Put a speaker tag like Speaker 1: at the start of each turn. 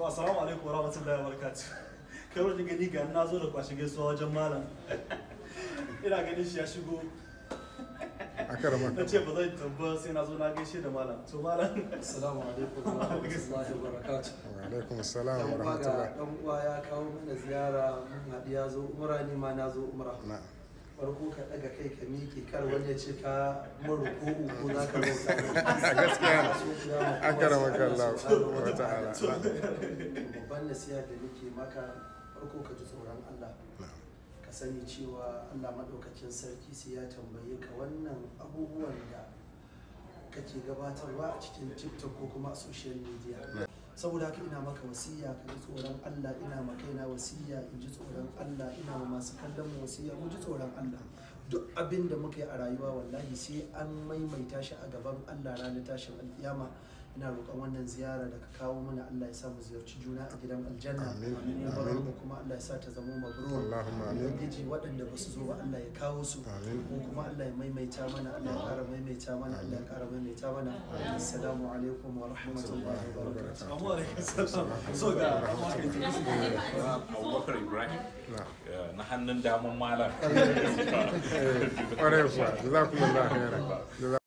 Speaker 1: to assalamu alaikum wa rahmatullahi wa barakatuh kai rojin gani ga na zo da kwashe suwa wajen malam ina ganin shi ya shigo a karama na ce ba zai tambaya sai na zo na gaishe da malam to malam assalamu alaikum wa rahmatullahi wa barakatuh wa alaikum assalam wa rahmatullahi dan uwa ya kawo mana ziyara mun hadiya zo umra ni ma na zo umra na'am farko ka daga kai ka miƙe kar wani ya ce ka maruku uku za ka roƙa a gaskiya a karama kalla wa ta'ala babban nasiha da nake maka farko ka ji tsoron Allah ka sani cewa Allah maɗaukacin sarki sai ya tambaye ka wannan abubuwan da kake gabatarwa a cikin tiktok ko kuma a social media saboda haka ina maka wasiya ka ji tsoron Allah ina ma kaina wasiya in ji tsoron Allah ina ma masu kallon mu wasiya mu ji tsoron Allah duk abin da muka yi a rayuwa wallahi sai an maimaita shi a gaban Allah ranar tashin alkiyama ina roƙon wannan ziyara da ka kawo mana Allah ya sa mu ziyarci juna a gidan aljanna amin mu kuma Allah ya sa ta zama mabrur Allahumma amin ubangiji waɗanda ba su zo ba Allah ya kawo su mu kuma Allah ya maimaita mana Allah ya ƙara maimaita mana Allah ya ƙara maimaita mana assalamu alaikum wa rahmatullahi wa barakatuh amma alaikum so ga Abubakar Ibrahim na eh, hannun daman malam ƙwarai kuwa jazakumullahu khairan